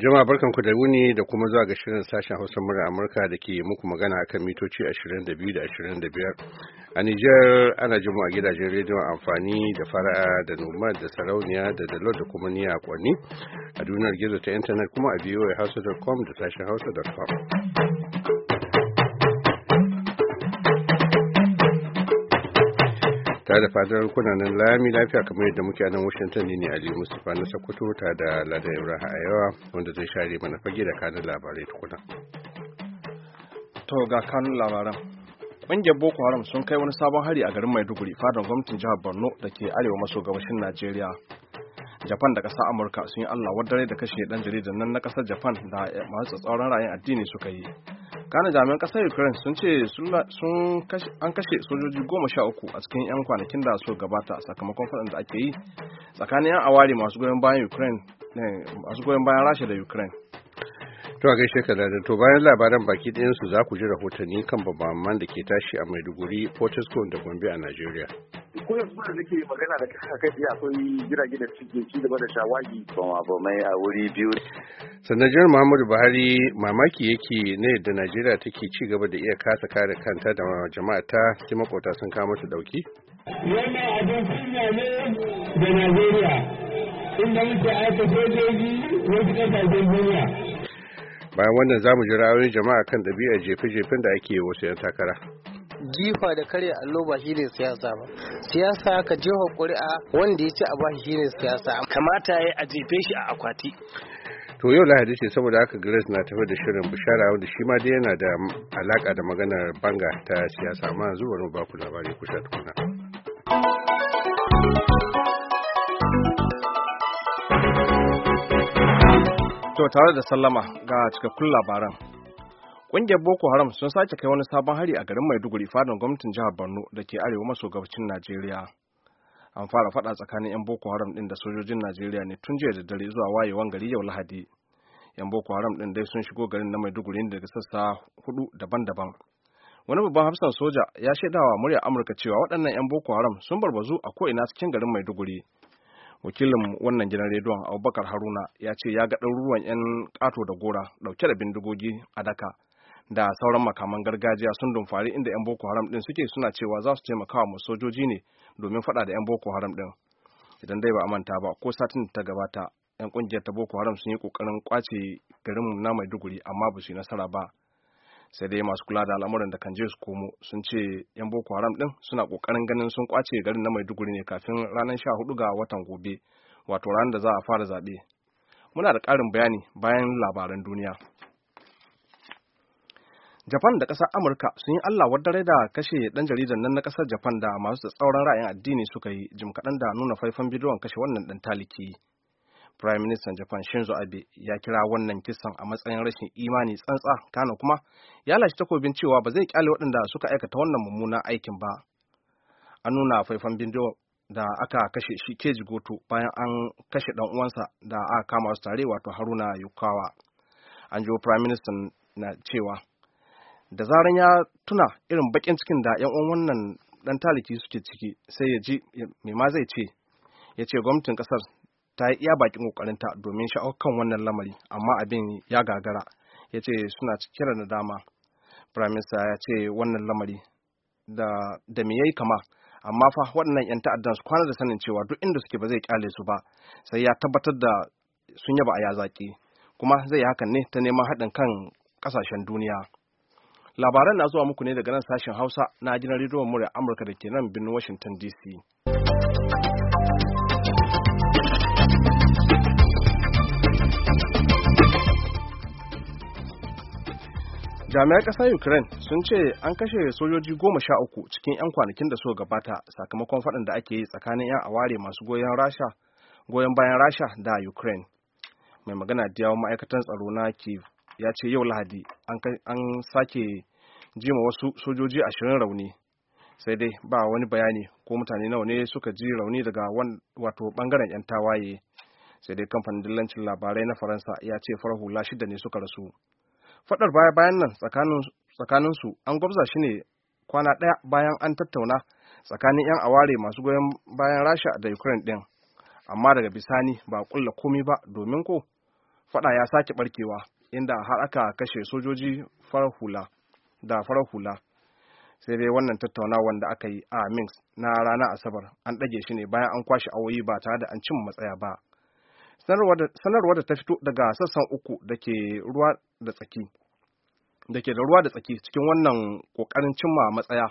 Jama'a barkan ku da wuni da kuma zuwa ga shirin sashen Hausa murar Amurka da ke muku magana akan mitoci 22 da 25. A Nijar ana jima a gidajen rediyon amfani da fara'a da noma da sarauniya da dalo da kuma niya kwanni a duniyar gizo ta intanet kuma a voahausa.com da sashen hausa hausa.com. tare da fatan kuna nan lami lafiya kamar yadda muke nan washington ne ali mustapha na sokoto ta da ladan ibrahim a yawa wanda zai share mana fage da kanun labarai tukuna to ga kanun labaran ƙungiyar boko haram sun kai wani sabon hari a garin maiduguri fadar gwamnatin jihar borno da ke arewa maso gabashin najeriya japan da ƙasar amurka sun yi allah wadare da kashe dan jaridan nan na ƙasar japan da masu tsatsauran ra'ayin addini suka yi kana jami'an kasar ukraine sun ce an kashe sojoji goma sha uku a cikin 'yan kwanakin da suka gabata sakamakon faɗin da ake yi tsakanin 'yan aware masu goyon bayan ukraine masu goyon bayan rasha da ukraine to a gaishe ka da to bayan labaran baki ɗayan su za ku ji rahotanni kan babban da ke tashi a maiduguri portisco da gombe a nigeria. ko yanzu da nake magana da kai eh, akwai jirage da suke ci gaba da shawagi ba mai a wuri biyu sanadiyar muhammadu buhari mamaki yake ne da najeriya take ci gaba da iya kasa kare kanta da jama'a ta sai makota sun kama su dauki wannan abin kunya ne da najeriya inda muke aika sojoji wasu kasashen duniya bayan wannan zamu ji ra'ayoyin jama'a kan ɗabi'ar jefe-jefen da ake wasu 'yan takara jifa da karya allo ba shine siyasa ba siyasa ka jefa ƙuri'a wanda ya ci a bashi shine siyasa kamata ya a jefe shi a akwati to yau lahadi ce saboda haka grace na tafi da shirin bishara wanda shi ma dai yana da alaka da maganar banga ta siyasa amma yanzu bari mu ba labari kusa tukuna to tare da sallama ga cikakkun labaran Ƙungiyar Boko Haram sun sake kai wani sabon hari a garin Maiduguri fadin gwamnatin jihar Borno da ke arewa maso gabacin Najeriya. An fara faɗa tsakanin 'yan Boko Haram ɗin da sojojin Najeriya ne tun jiya da dare zuwa wayewan gari yau Lahadi. 'Yan Boko Haram ɗin dai sun shigo garin na Maiduguri daga sassa hudu daban-daban. Wani babban hafsan soja ya shaidawa murya Amurka cewa waɗannan 'yan Boko Haram sun barbazu a ko'ina cikin garin Maiduguri. wakilin wannan gidan rediyon abubakar haruna ya ce ya ga ɗaruruwan 'yan ƙato da gora ɗauke da bindigogi a daka da sauran makaman gargajiya sun dumfari inda 'yan boko haram din suke suna cewa za su taimaka wa sojoji ne domin faɗa da 'yan boko haram din idan dai ba a manta ba ko satin ta gabata 'yan kungiyar ta boko haram sun yi kokarin kwace garin na maiduguri amma ba su yi nasara ba sai dai masu kula da al'amuran da kan je su komo sun ce 'yan boko haram din suna kokarin ganin sun kwace garin na maiduguri ne kafin ranar sha hudu ga watan gobe wato ranar da za a fara zaɓe muna da ƙarin bayani bayan labaran duniya japan da ƙasar amurka sun yi allah wadare da kashe ɗan jaridan nan na ƙasar japan da masu tsauran ra'ayin addini suka yi jim kaɗan da nuna faifan bidiyon kashe wannan ɗan taliki prime minister japan shinzo abe ya kira wannan kisan a matsayin rashin imani tsantsa kana kuma ya lashe takobin cewa ba zai kyale waɗanda suka aikata wannan mummunan aikin ba an nuna faifan bidiyon da aka kashe shi keji goto bayan an kashe ɗan uwansa da aka kama su tare wato haruna yukawa an jiwo prime minister na cewa da zaran ya tuna irin bakin cikin da yan uwan wannan dan taliki suke ciki sai ya ji me ma zai ce ya ce gwamnatin kasar ta yi iya bakin kokarinta domin sha'awar kan wannan lamari amma abin ya gagara ya ce suna cikin da dama. prime minister ya ce wannan lamari da me yayi kama amma fa waɗannan 'yan ta'addan su kwana da sanin cewa duk inda suke ba zai kyale su ba sai ya tabbatar da sun yaba a zaki. kuma zai yi hakan ne ta neman haɗin kan ƙasashen duniya labaran na zuwa muku ne daga nan sashen hausa na gidan rediyon murya amurka da ke nan birnin washington dc jami'an ƙasar ukraine sun ce an kashe sojoji goma sha uku cikin 'yan kwanakin da suka gabata sakamakon faɗin da ake yi tsakanin 'yan aware masu goyon rasha goyon bayan rasha da ukraine mai magana da yawon ma'aikatan tsaro na kiev ya ce yau lahadi an sake jima wasu sojoji ashirin rauni sai dai ba wani bayani ko mutane nawa ne suka ji rauni daga wato bangaren 'yan tawaye sai dai kamfanin dillancin labarai na faransa ya ce farar hula shida ne suka rasu fadar baya bayan nan tsakanin su an gwabza shi ne kwana ɗaya bayan an tattauna tsakanin 'yan aware masu goyon bayan rasha da ukraine ɗin amma daga bisani ba kulla komi ba domin ko fada ya sake barkewa inda har aka kashe sojoji farar hula da farar hula sai dai wannan tattaunawar da aka yi a minsk na ranar asabar an ɗage shi ne bayan an kwashe awoyi ba tare da an cin matsaya ba sanarwar da ta fito daga sassan uku da ke da da ke da ruwa da tsaki cikin wannan kokarin cimma matsaya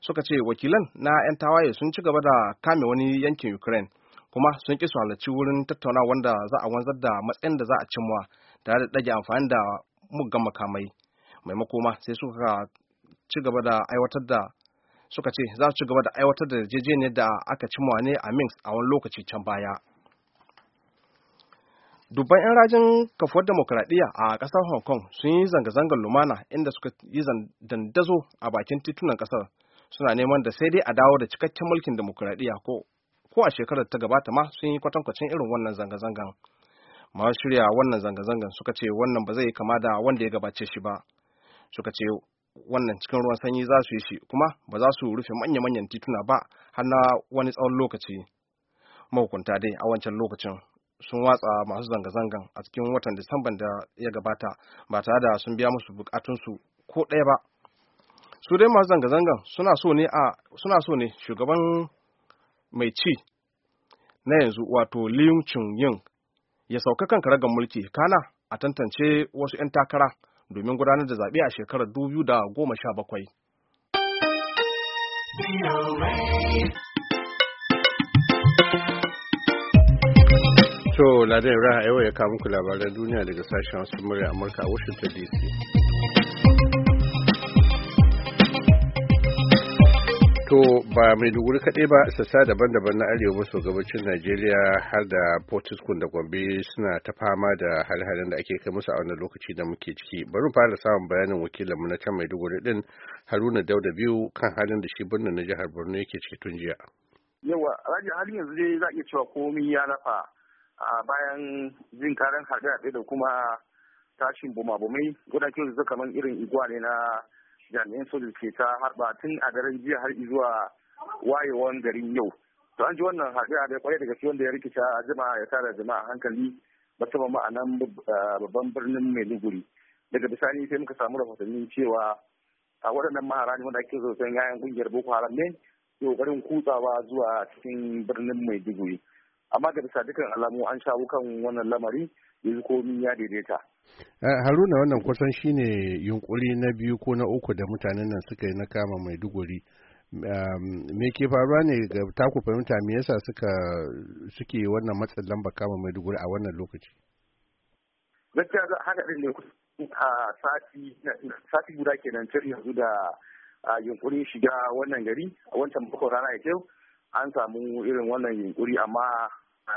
suka ce wakilan na 'yan tawaye sun ci gaba da kame wani yankin ukraine kuma sun ƙi su halarci wurin tattauna wanda za a wanzar da matsayin da za a cimma tare da dage amfani da muggan makamai maimako ma sai suka ci gaba da aiwatar da suka ce za su ci gaba da aiwatar da yarjejeniyar da aka cimma ne a minsk a wani lokaci can baya dubban 'yan rajin kafuwar demokradiyya a kasar hong kong sun yi zanga-zangar lumana inda suka yi dandazo a bakin titunan kasar suna neman da sai dai a dawo da cikakken mulkin demokradiyya ko ko a shekarar ta gabata ma sun yi kwatankwacin irin wannan zanga-zangan masu shirya wannan zanga-zangan suka ce wannan ba zai yi kama da wanda ya gabace shi ba suka ce wannan cikin ruwan sanyi za su yi shi kuma ba za su rufe manya-manyan tituna ba har na wani tsawon lokaci mahukunta dai a wancan lokacin sun watsa masu zanga-zangan a cikin watan disamban da ya gabata ba tare da sun biya musu bukatunsu ko ɗaya ba su dai masu zanga-zangan suna so ne shugaban mai ci na yanzu wato Liu Chun-ying ya sauka kan karagar mulki kana a tantance wasu 'yan takara domin gudanar da zaɓe a shekarar 2017. To, Ladan Ibrahim yau ya kawo muku labaran duniya daga sashen wasu murya Amurka a Washington DC. To ba Maiduguri kaɗai ba sassa daban-daban na arewa maso gabacin Najeriya har da Portiskun da Gombe suna ta fama da hal-halin da ake kai musu a wannan lokaci da muke ciki. Bari fara samun bayanin wakilinmu na can Maiduguri ɗin Haruna Dauda biyu kan halin da shi birnin na jihar Borno yake ciki tun jiya. Yawa, rajin halin yanzu dai za iya cewa komai ya lafa bayan jin karan harbe da kuma tashin bumabumai gudan kyau kamar irin igwa ne na jami'an soja ke ta harba tun a daren jiya har zuwa wayewan garin yau to an ji wannan haɗe da kwarai daga gaske wanda ya rikita jama'a ya tara jama'a hankali musamman ma a nan babban birnin maiduguri daga bisani sai muka samu rahotannin cewa a waɗannan mahara ne wanda ake zaton yayan ƙungiyar boko haram ne ke ƙoƙarin kutsawa zuwa cikin birnin maiduguri amma da bisa dukkan alamu an shawo kan wannan lamari yanzu komi ya daidaita eh, haruna wannan kusan shine yunkuri na biyu ko na uku da mutanen nan suka yi na kama maiduguri ehm, me ke faruwa ne ga taku fahimta me yasa suka suke wannan matsin lamba kama maiduguri a wannan lokaci gaskiya haka din ne a sati guda kenan yanzu da yunkurin shiga wannan gari a wancan bakon rana ya kyau an samu irin wannan yunkuri amma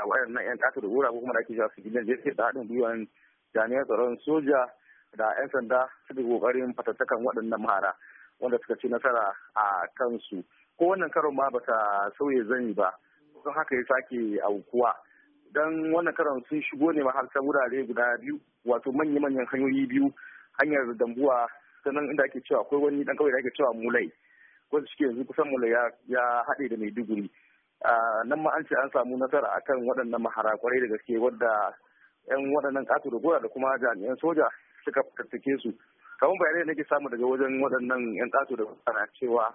wayannan yan kasar da ko kuma da ake shafi gidan jirgin da haɗin gwiwan jami'an tsaron soja da 'yan sanda suke kokarin fatattakan waɗannan mahara wanda suka ci nasara a kansu ko wannan karon ma bata sauye zani ba kusan haka ya sake aukuwa dan wannan karon sun shigo ne har ta wurare guda biyu wato manya-manyan hanyoyi biyu hanyar dambuwa sannan inda ake cewa akwai wani dan kawai da ake cewa mulai wanda suke yanzu kusan mu ya haɗe da maiduguri nan ma an ce an samu nasara akan waɗannan mahara kwarai da gaske wadda yan waɗannan ƙato da gora da kuma jami'an soja suka fitattake su kamar bayanai nake samu daga wajen waɗannan yan ƙato da gora cewa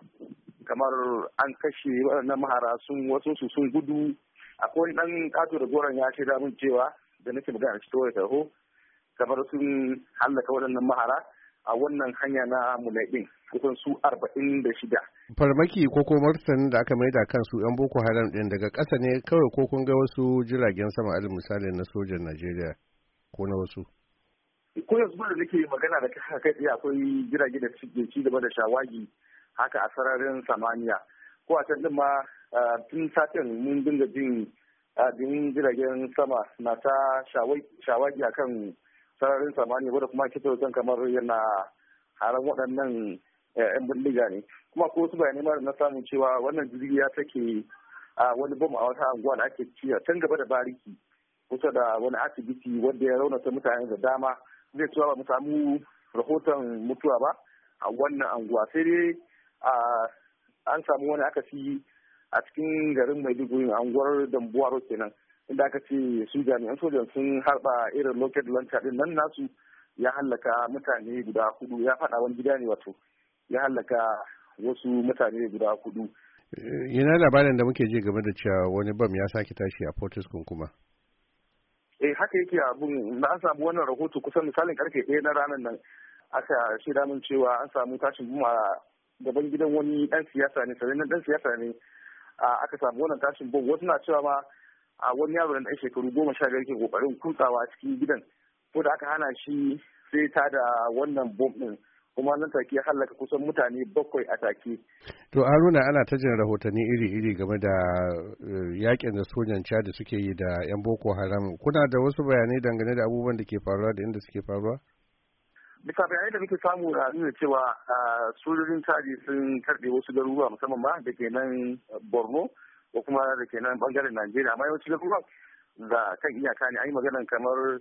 kamar an kashe waɗannan mahara sun wasu su sun gudu akwai ɗan ƙato da goron ya ce damun cewa da nake magana cikin wani taho kamar sun hallaka waɗannan mahara a wannan hanya na mulaɗin kusan su arba'in da shida. Farmaki ko ko martanin da aka maida kan su 'yan Boko Haram ɗin daga ƙasa ne kawai ko kun ga wasu jiragen sama alin misali na sojan Najeriya ko na wasu. Ko yanzu da nake magana da kai kai akwai jirage da suke ci gaba da shawagi haka a sararin samaniya ko a can ma tun satin mun dinga jin jiragen sama na ta shawagi akan sararin samani wadda kuma kitso zan kamar yana haran waɗannan 'yan eh, bindiga ne kuma ko su bayanai mara na samun cewa wannan jirgi ya take a wani bom a wata anguwa da ake ciya can gaba da bariki kusa da wani asibiti wanda ya raunata mutane da dama zai cewa ba mu samu rahoton mutuwa ba a wannan anguwa sai dai an samu wani akasi a cikin garin maiduguri anguwar dambuwaro kenan inda aka ce su jami'an sojan sun harba irin loket launcher din nan nasu ya hallaka mutane guda hudu ya faɗa wani gida ne wato ya hallaka wasu mutane guda hudu yana eh, labarin da muke ji game da cewa wani bam ya sake tashi a portis kuma eh haka yake abun na an samu wannan rahoto kusan misalin karfe ɗaya na ranar nan aka shaida min cewa an samu tashin bom a gaban gidan wani ɗan siyasa ne sanannen ɗan siyasa ne aka samu wannan tashin bom wasu na cewa ma a wani yaro da ɗan shekaru goma sha biyar ke kokarin kutsawa cikin gidan ko da aka hana shi sai ta da wannan bom ɗin kuma nan take halaka kusan mutane bakwai a take. To Haruna ana ta jin rahotanni iri-iri game da eh, yakin da sojan da suke yi da 'yan Boko Haram. Kuna da wasu bayanai dangane da abubuwan da ke faruwa da inda suke faruwa? Bisa bayanai da muke samu na nuna cewa ah, sojojin Chad sun karɓe wasu garuruwa musamman ma da ke nan Borno ko kuma da ke nan bangaren najeriya amma yawanci lokutan da kan iyaka ne an yi kamar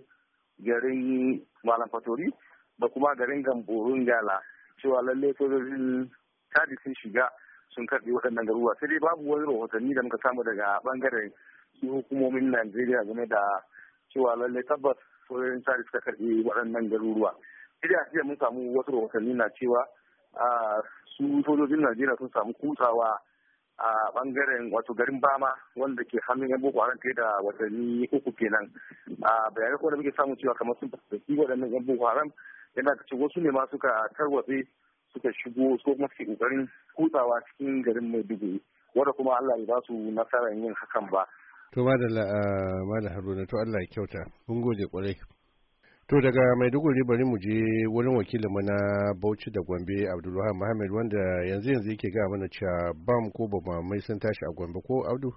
garin malam fatori da kuma garin gamborun gala cewa lallai sojojin tadi sun shiga sun karbi waɗannan garuruwa sai dai babu wani rahotanni da muka samu daga bangaren hukumomin najeriya game da cewa lalle tabbas sojojin tadi suka karbi waɗannan garuruwa sai dai a jiya mun samu wasu rahotanni na cewa ah, su sojojin najeriya sun samu kutsawa a bangaren wato garin bama wanda ke hannun yan boko haram da watanni uku kenan a bayanai kuma da muke samun cewa kamar sun fuskanci waɗannan yan boko haram yana da cewa wasu ne ma suka tarwatse suka shigo ko kuma suke kokarin kutsawa cikin garin maiduguri wanda kuma allah ya basu su nasarar yin hakan ba to madalla ah, madalla haruna to allah ya kyauta mun gode kwarai To daga Maiduguri bari mu je wurin wakilin mana Bauchi da Gombe Abdulwahab Muhammad wanda yanzu yanzu yake ga mana cewa bam ko mai sun tashi a Gombe ko Abdu?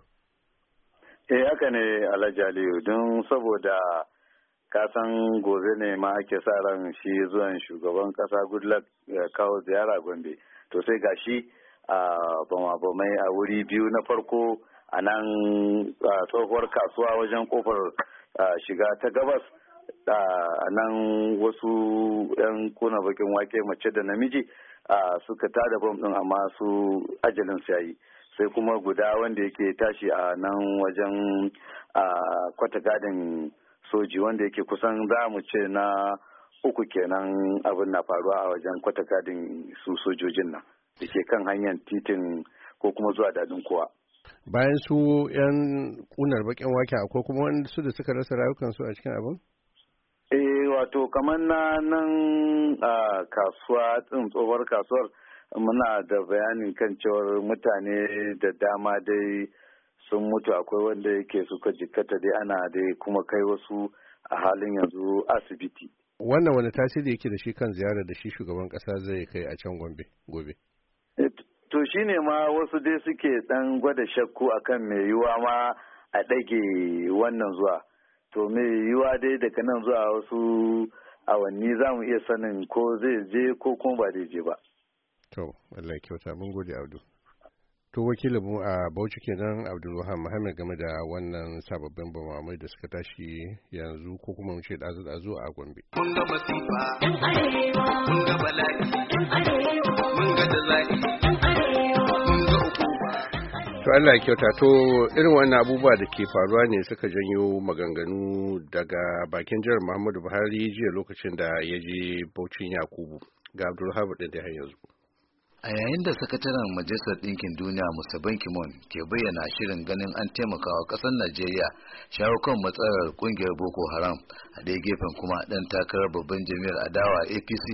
Eh haka ne Alhaji Aliyu don saboda kasan gobe ne ma ake sa ran shi zuwan shugaban kasa Goodluck kawo ziyara Gombe. To sai a bama bamabamai a wuri biyu na farko a nan tsohuwar kasuwa wajen kofar shiga ta gabas. A nan wasu 'yan kuna bakin wake mace da namiji suka tada bom din amma su ajalin su yayi sai kuma guda wanda yake tashi a nan wajen kwata gadin soji wanda yake kusan za mu ce na uku kenan abin na faruwa a wajen kwata gadin su sojojin nan da ke kan hanyar titin ko kuma zuwa dadin kowa bayan su 'yan kunar bakin wake akwai kuma wanda su da suka rasa rayukansu a cikin abin wato kamar na nan a kasuwa tsin tsohuwar kasuwar muna da bayanin kan cewar mutane da dama dai sun mutu akwai wanda yake suka jikata dai ana dai kuma kai wasu a halin yanzu asibiti. Wannan wani tasiri yake da shi kan ziyarar da shi shugaban kasa zai kai a can Gombe gobe. Eh, to shi ne ma wasu dai suke dan gwada shakku akan mai yiwuwa ma a ɗage wannan zuwa. to mai yiwa dai daga nan zuwa wasu awanni za mu iya sanin ko zai je ko kuma ba zai je ba. To, Allah kyauta mun gode Abdu. To wakilin mu a Bauchi kenan Abdulluhan Muhammad game da wannan sababbin bamamai da suka tashi yanzu ko kuma mu ce dazu dazu a Gombe. Mun ga masifa, mun ga bala'i, mun ga da za'i, to Allah ya kyauta to irin wannan abubuwa da ke faruwa ne suka janyo maganganu daga bakin jihar Muhammadu Buhari jiya lokacin da ya je Bauchin Yakubu ga Abdulhabu da da yanzu a yayin da sakataren majalisar ɗinkin duniya musa kimon ke bayyana shirin ganin an taimakawa ƙasar najeriya shawo kan matsalar ƙungiyar boko haram a ɗaya gefen kuma ɗan takarar babban jami'ar adawa apc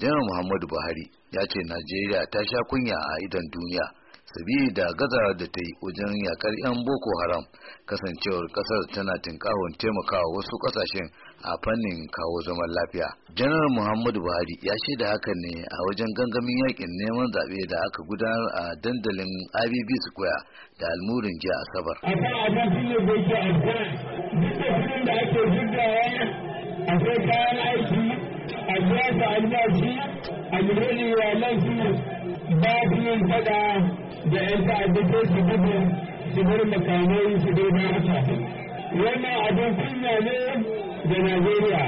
janar muhammadu buhari ya ce najeriya ta sha kunya a idon duniya da gaza da ta yi wajen yakar 'yan boko haram kasancewar kasar tana tinkawon taimakawa wasu kasashen a fannin kawo zaman lafiya janar muhammadu buhari ya shaida haka ne a wajen gangamin yakin neman zaɓe da aka gudanar a dandalin abb square da almurin jiya asabar akwai kayan aiki a jefa a ba su yin fada da ‘yan ta'adda ko su gudu su bar makamai su dai ba haka. Wannan abin kunya ne da Najeriya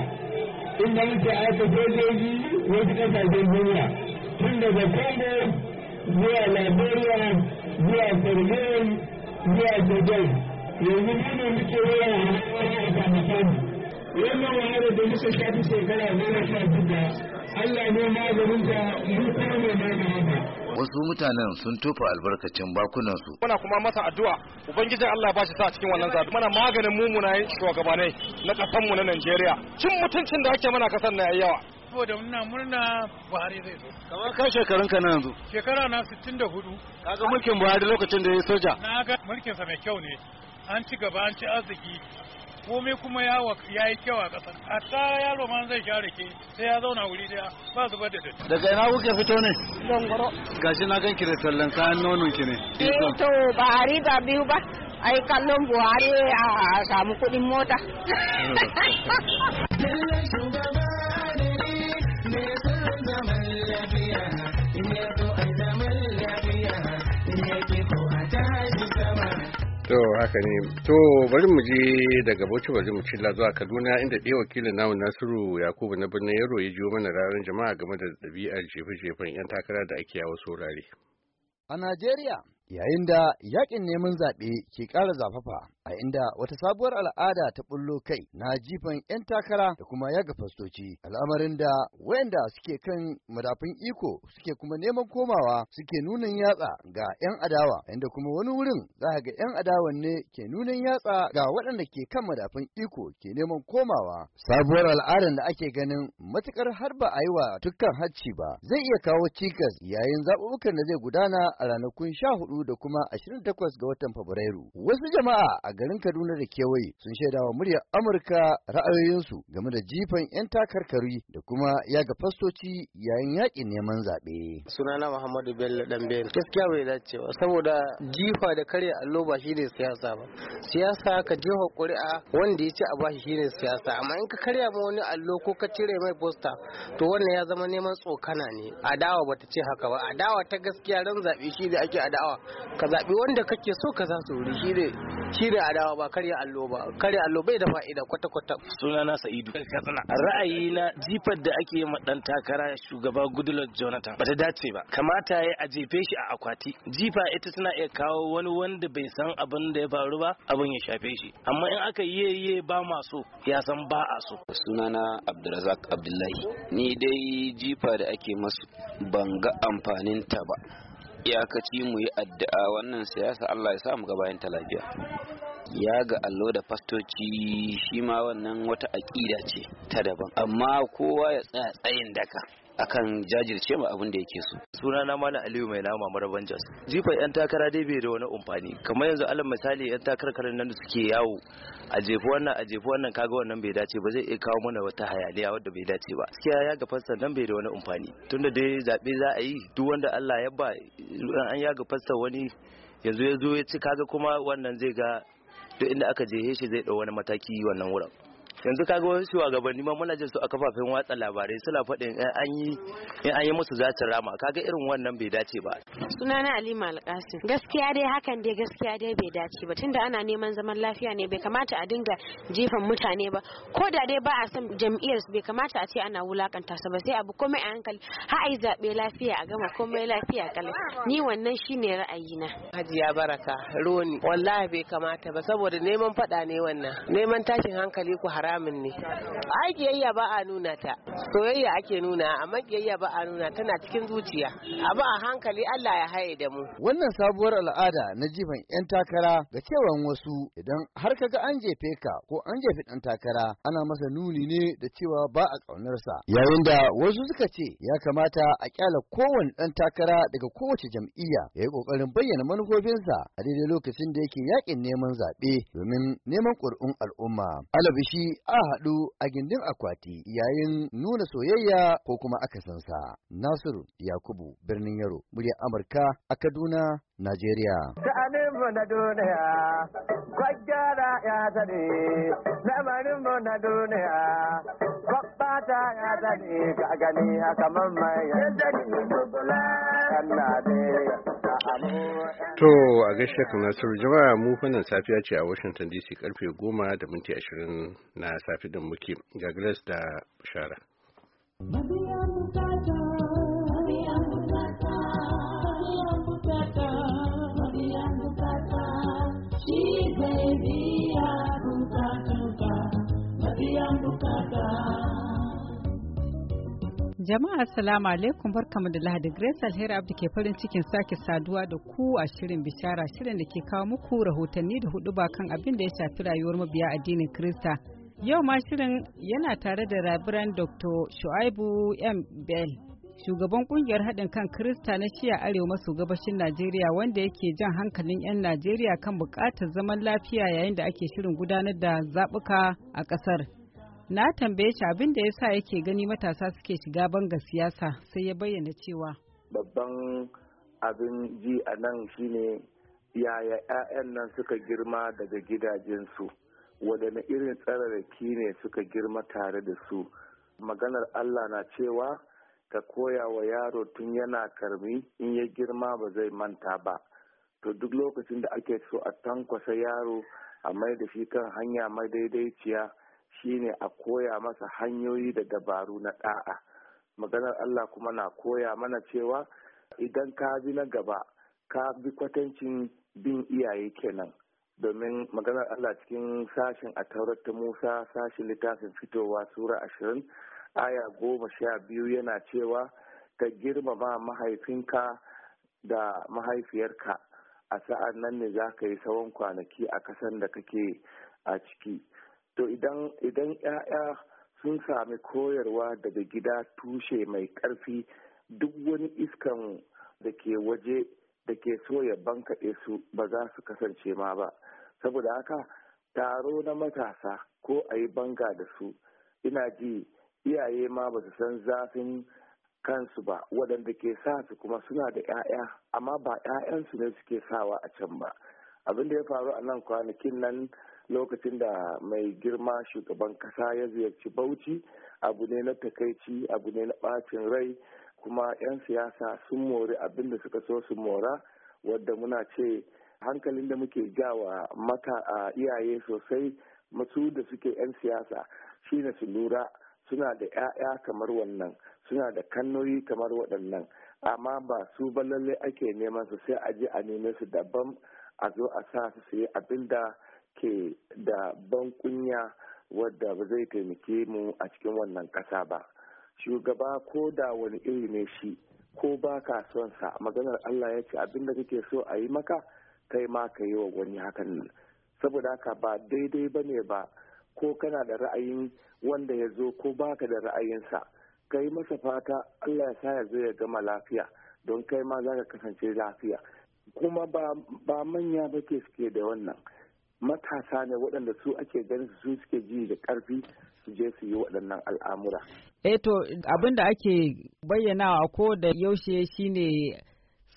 inda muke aika sojoji wasu ƙasashen duniya tun daga Congo zuwa Liberia zuwa Sierra zuwa Sudan yanzu ne muke waya a Afghanistan. Wannan wahala da muka shafi shekara goma sha shida Allah ne da ne wasu mutanen sun tofa albarkacin bakunansu. Muna kuma masa addu'a Ubangijin Allah ba shi sa cikin wannan zaɓe. muna maganin mumunayen shugabanai na mu na Najeriya. Cin mutuncin da ake mana kasan na yayyawa saboda muna murna Buhari zai zo. Kamar ka shekarun ka na yanzu. Shekara na 64. Kaga mulkin Buhari lokacin da ya soja. Na ga sa mai kyau ne. An ci gaba an ci arziki komai kuma ya yi kyau a a ta yaro man zai sha ke sai ya zauna wuri daya ba zubar da ta daga ina kuke fito ne dongoro gashi na ganki da tallan kayan nonon ki ne eh, to ba a riba biyu ba ai kallon buhari a samu kuɗin mota to haka ne to bari mu je daga bauchi bari mu cilla zuwa kaduna inda ɗaya wakilin namu nasiru yakubu na birnin yaro ya jiyo mana ranar jama'a game da ɗabi'ar jefe-jefen 'yan takara da ake yawo saurare a najeriya yayin da yakin neman zaɓe ke ƙara zafafa a inda wata sabuwar al'ada ta bullo kai na jifan 'yan takara da kuma yaga fastoci al'amarin da wayanda suke kan madafin iko suke kuma neman komawa suke nunin yatsa ga 'yan adawa inda kuma wani wurin za ga 'yan adawan ne ke nunan yatsa ga waɗanda ke kan madafin iko ke neman komawa sabuwar al'adar da ake ganin matukar har ba a yi wa dukkan hacci ba zai iya kawo cikas yayin zaɓuɓɓukan da zai gudana a ranakun sha hudu da kuma ashirin takwas ga watan fabrairu wasu jama'a a garin Kaduna da kewaye sun wa muryar Amurka ra'ayoyinsu game da jifan 'yan takarkari da kuma yaga fastoci yayin yakin neman zaɓe. Sunana Muhammadu Bello Dambe gaskiya bai dacewa saboda jifa da karya allo ba shi ne siyasa ba. Siyasa ka jefa ƙuri'a wanda ya ci a bashi shi ne siyasa amma in ka karya ma wani allo ko ka cire mai posta to wannan ya zama neman tsokana ne. Adawa bata ce haka ba adawa ta gaskiya ran zaɓe shi ne ake adawa ka zaɓi wanda kake so ka za su wuri shi ne adawa ba karya allo ba karya allo bai da fa'ida kwata kwata na sa'idu ra'ayi na jifar da ake ma dan takara shugaba goodluck jonathan bata dace ba kamata ya a jefe shi a akwati jifa ita tana iya kawo wani wanda bai san abin da ya faru ba abin ya shafe shi amma in aka yeye ba ma so ya san ba a so sunana abdulrazak abdullahi ni dai jifa da ake masu ban ga amfanin ta ba iyakaci mu yi addu'a wannan siyasa Allah ya sa mu ga bayan ta lafiya ya ga allo da fastoci shi ma wannan wata aƙida ce ta daban amma kowa ya tsaya tsayin daka akan jajirce ma abin da yake so suna na mana aliyu mai nama maraban jas jifa yan takara dai bai da wani umfani kamar yanzu alal misali yan takarkarin nan da suke yawo a jefi wannan a jefi wannan kaga wannan bai dace ba zai iya kawo mana wata hayaniya wadda bai dace ba gaskiya ya ga fassa nan bai da wani umfani tunda dai zabe za a yi duk wanda Allah ya ba an ya ga fassa wani yanzu ya zo ya ci kaga kuma wannan zai ga duk inda aka je shi zai ɗau wani mataki wannan wurin yanzu kaga wasu shugabanni ma muna jin su a kafafen watsa labarai suna faɗin an yi in an yi musu zacin rama kaga irin wannan bai dace ba sunana alima Alkasim gaskiya dai hakan dai gaskiya dai bai dace ba tunda ana neman zaman lafiya ne bai kamata a dinga jifan mutane ba ko da dai ba a san jam'iyyar bai kamata a ce ana wulakanta su ba sai abu komai a hankali har ai zabe lafiya a gama komai lafiya kala ni wannan shine ra'ayina Hajiya Baraka Roni wallahi bai kamata ba saboda neman fada ne wannan neman tashin hankali ku haram haramun ne ai kiyayya ba a nuna ta soyayya ake nuna amma kiyayya ba a nuna tana cikin zuciya abu a hankali Allah ya haye da mu wannan sabuwar al'ada na jifan yan takara ga cewan wasu idan har kaga an jefe ka ko an jefe dan takara ana masa nuni ne da cewa ba a sa yayin da wasu suka ce ya kamata a ƙyala kowane dan takara daga kowace jam'iyya ya yi kokarin bayyana manufofinsa a daidai lokacin da yake yakin neman zaɓe domin neman ƙuri'un al'umma alabishi a haɗu a gindin akwati yayin nuna soyayya ko kuma sa Nasiru Yakubu birnin Yaro, murya Amurka a Kaduna, Najeriya. Sa'aninmu na duniya, kwaggara ya zane, lamarinmu na duniya, kwabbata ya zane, ka gani haka mamaye. Yadda ni To a gaishe ka Nasiru jama'a mu fannin safiya ce a Washington DC karfe goma da minti ashirin na safi din muke ga Grace da Shara. Jama'a assalamu alaikum barkamu da Lahadi Grace Alheri Abdu ke farin cikin sake saduwa da ku a shirin bishara shirin da ke kawo muku rahotanni da hudu ba kan abin da ya shafi rayuwar mabiya addinin Krista. Yau ma shirin yana tare da rabiran Dr. Shu'aibu M. Bell, shugaban kungiyar haɗin kan Krista na shiya arewa maso gabashin Najeriya wanda yake jan hankalin 'yan Najeriya kan bukatar zaman lafiya yayin da ake shirin gudanar da zaɓuka a ƙasar. na tambaye shi abin da yasa yake gani matasa suke shiga banga siyasa sai ya bayyana cewa babban abin ji a nan shine yaya 'ya'yan nan suka girma daga gidajensu wadanne irin tsararraki ne suka girma tare da su maganar allah na cewa ta koya wa yaro tun yana karmi in ya girma ba zai manta ba to duk lokacin da ake so a tankwasa yaro a mai da shi kan hanya madaidaiciya shine a koya masa hanyoyi da dabaru na da'a maganar Allah kuma na koya mana cewa idan ka bi na gaba ka bi kwatancin bin iyaye kenan domin maganar Allah cikin sashen a taurat ta Musa sashen littafin fitowa sura ashirin aya goma sha biyu yana cewa ka girmama mahaifinka da mahaifiyarka a sa'an nan ne za ka yi tsawon kwanaki a kasan da kake a ciki to idan idan 'ya'ya sun sami koyarwa daga gida tushe mai ƙarfi duk wani iskan da ke waje da ke soya ya bankaɗe su ba za su kasance ma ba saboda haka taro na matasa ko a yi banga da su ina ji iyaye ma ba su san zafin kansu ba waɗanda ke sa su kuma suna da 'ya'ya amma ba 'ya'yansu ne suke sawa a can ba abin da ya faru a nan kwanakin nan lokacin da mai girma shugaban kasa ya ziyarci bauchi abu ne na takaici abu ne na bacin rai kuma 'yan siyasa sun mori abinda suka so su mora wadda muna ce hankalin da muke jawa mata a iyaye sosai masu da suke 'yan siyasa shine su lura suna da 'ya'ya kamar wannan suna da kannoyi kamar waɗannan amma ba su ba lallai ake neman su sai a je a neme su daban a zo a sa su yi abin da ke da ban kunya wadda ba zai taimake mu a cikin wannan ƙasa ba shugaba ko da wani iri ne shi ko ba ka son sa maganar Allah ya ce da kake so a yi maka kai ma ka yi wa wani hakan saboda haka ba daidai ba ne ba ko kana da ra'ayin wanda ya zo ko ba ka da ra'ayinsa ka yi masa fata Allah ya sa ya zo ya gama lafiya don kai ma za ka kasance lafiya kuma ba manya ba ke suke da wannan matasa ne waɗanda su ake ganin su suke ji da ƙarfi su je su yi waɗannan al'amura. Eto eh abin da ake bayyanawa ko da yaushe shine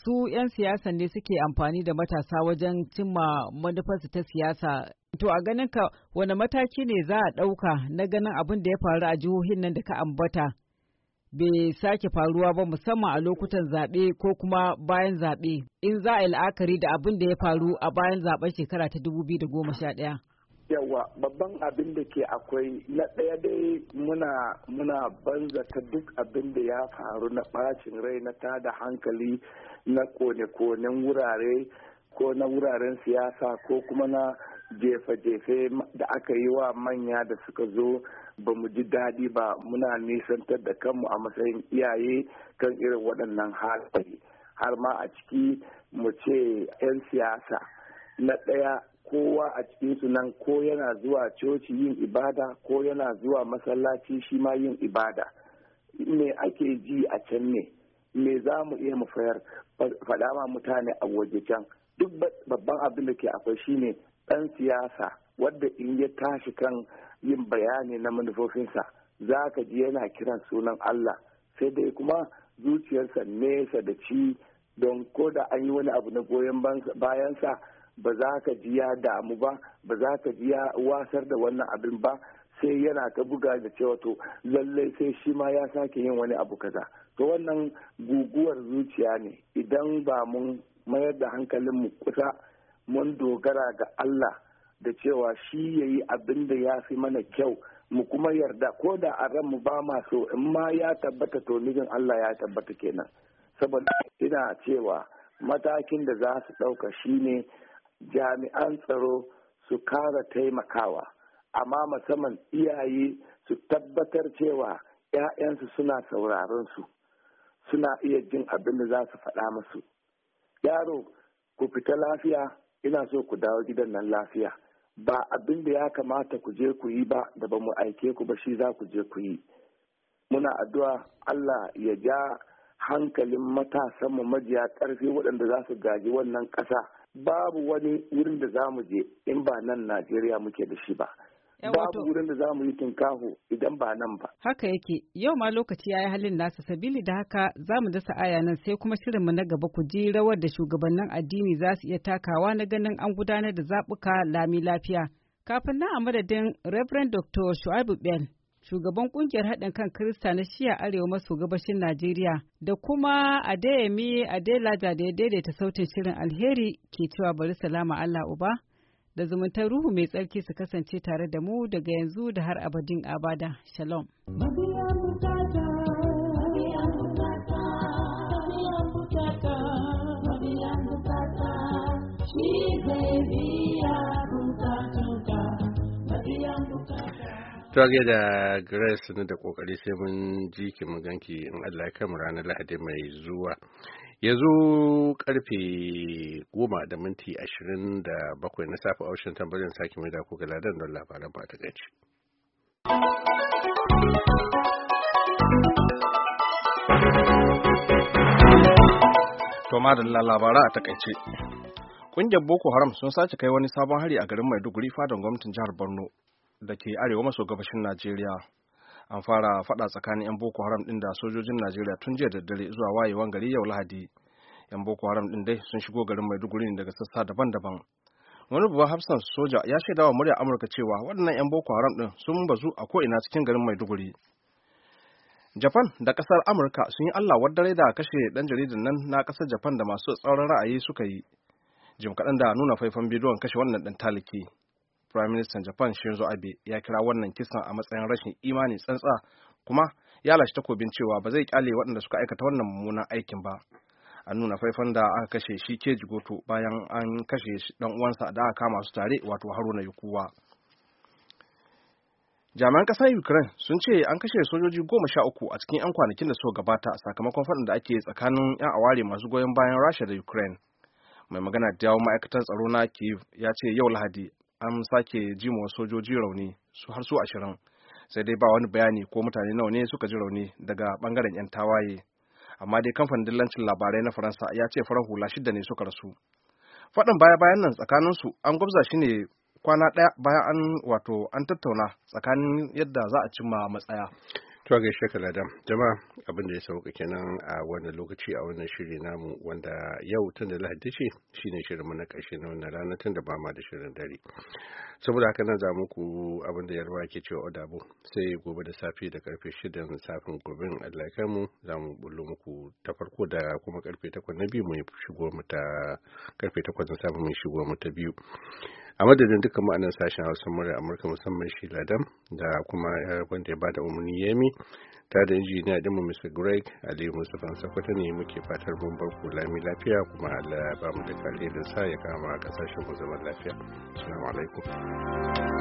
su 'yan siyasa ne suke amfani da matasa wajen cimma manufarsu ta siyasa. To a ganin ka wani mataki ne za a ɗauka na ganin abin da ya faru a jihohin nan da ka ambata bai sake faruwa ba musamman a lokutan zaɓe ko kuma bayan zaɓe in za a yi la'akari da abin da ya faru a bayan zaɓen shekara ta da 2011. yawa babban abin da ke akwai na ɗaya dai muna muna ta duk abin da ya faru na ɓacin rai na tada hankali na kone-konen wurare ko na wuraren siyasa ko kuma na jefe-jefe da aka yi wa manya da suka zo ba mu ji daɗi ba muna nisantar da kanmu a matsayin iyaye kan irin waɗannan halaye har ma a ciki mu ce 'yan siyasa na ɗaya kowa a cikinsu nan ko yana zuwa coci yin ibada ko yana zuwa masallaci shi ma yin ibada me ake ji a can ne me za mu iya mu fayar faɗa ma mutane a waje can duk babban abin da ke akwai shine ɗan siyasa wadda in ya tashi kan yin bayani na manufofinsa za ka ji yana kiran sunan Allah sai dai kuma zuciyarsa nesa da ci don ko da an yi wani abu na goyon bayansa ba za ka ji ya damu ba ba za ka ji ya wasar da wannan abin ba sai yana ta buga da cewa to lallai sai shi ma ya sake yin wani abu kaza to wannan guguwar zuciya ne idan ba mun mayar da hankalinmu kusa mun dogara ga Allah da cewa shi ya yi abin da ya fi mana kyau mu kuma yarda ko da a ran mu ba ma so in ma ya tabbata to nijin Allah ya tabbata kenan saboda ina cewa matakin da za su ɗauka ne, jami'an tsaro su kara taimakawa amma musamman iyaye su tabbatar cewa 'ya'yansu suna sauraron su suna iya jin abin da za su faɗa musu yaro ku fita lafiya ina so ku dawo gidan nan lafiya ba abin da ya kamata ku je ku yi ba da ba mu aike ku ba shi za ku je ku yi muna addu'a Allah ya ja hankalin matasan mu majiya ƙarfi waɗanda za su gaji wannan ƙasa babu wani wurin da za mu je in ba nan Najeriya muke da shi ba babu wurin da za mu yi tunkaho idan ba nan ba. Haka yake yau ma lokaci ya yi halin nasa sabili da haka za mu dasa aya nan sai kuma shirinmu na gaba ku ji rawar da shugabannin addini za su iya takawa na ganin an gudanar da zaɓuka lami lafiya. Kafin nan a madadin Reverend Dr. Shu'aibu Bell, shugaban kungiyar haɗin kan Kirista na Shi'a arewa maso gabashin Najeriya da kuma Adeyemi Adelaja da ya daidaita sautin shirin alheri ke cewa bari salama Allah Uba. da zumuntar ruhu mai tsarki su kasance tare da mu daga yanzu da har abadin abada. Shalom. Tage da Grace da kokari sai mun ji ki mu ganki in Allah ya kai mu ranar Lahadi mai zuwa. Ya zo karfe goma da minti ashirin da bakwai na safi a washin tambarin sake mai dako ga ladan don labaran ba ta gaci. To madalla labara a takaice. Kungiyar Boko Haram sun sace kai wani sabon hari a garin Maiduguri fadon gwamnatin jihar Borno da ke arewa maso gabashin Najeriya an fara fada tsakanin 'yan boko haram din da sojojin najeriya tun jiya da zuwa wayewan gari yau lahadi 'yan boko haram din dai sun shigo garin maiduguri ne daga sassa daban-daban wani babban hafsan soja ya shaida wa murya amurka cewa waɗannan 'yan boko haram din sun bazu a ko'ina cikin garin maiduguri japan da kasar amurka sun yi allah wadare da kashe dan jaridan nan na kasar japan da masu tsauran ra'ayi suka yi jim kaɗan da nuna faifan bidiyon kashe wannan ɗan taliki Prime Minister Japan Shinzo Abe ya kira wannan kisan a matsayin rashin imani tsantsa kuma ya lashe takobin cewa ba zai kyale waɗanda suka aikata wannan mummunan aikin ba. An nuna faifan da aka kashe shi ke jigoto bayan an kashe dan uwansa da aka kama su tare wato Haruna Yukuwa. Jami'an ƙasar Ukraine sun ce an kashe sojoji goma sha uku a cikin 'yan kwanakin da suka gabata sakamakon faɗin da ake tsakanin 'yan aware masu goyon bayan Rasha da Ukraine. mai magana da yawon ma'aikatar tsaro na kiev ya ce yau lahadi an sake jima sojoji rauni su har su ashirin sai dai ba wani bayani ko mutane nawa ne suka ji rauni daga bangaren 'yan tawaye amma dai kamfanin dillancin labarai na faransa ya ce farar hula shida ne suka rasu faɗin baya bayan nan tsakanin su an gwabza shi ne kwana ɗaya bayan an wato an tattauna tsakanin yadda za a cimma matsaya To gaishe ka ladan jama'a abin da ya sauka kenan a wannan lokaci a wannan shiri namu wanda yau tun da lahadi ce shine shirin mu na karshe na wannan rana tun da ba ma da shirin dare. Saboda haka nan za muku abin da yarwa ke cewa odabo sai gobe da safe da karfe 6 safin gobe Allah ya mu za mu bullo muku ta farko da kuma karfe takwas na biyu mu shigo mu ta karfe takwas na safin mu shigo mu ta biyu. a madadin duka ma'anar sashen hausa murya amurka musamman shi ladan da kuma eh, wanda ya bada umarni yami ta da injiniya dinmu mr greg aliyu mustapha sakwato ne muke fatar mun bar ku lami lafiya kuma allah ya ba mu da kare da sa ya kama kasashen mu zaman lafiya assalamu alaikum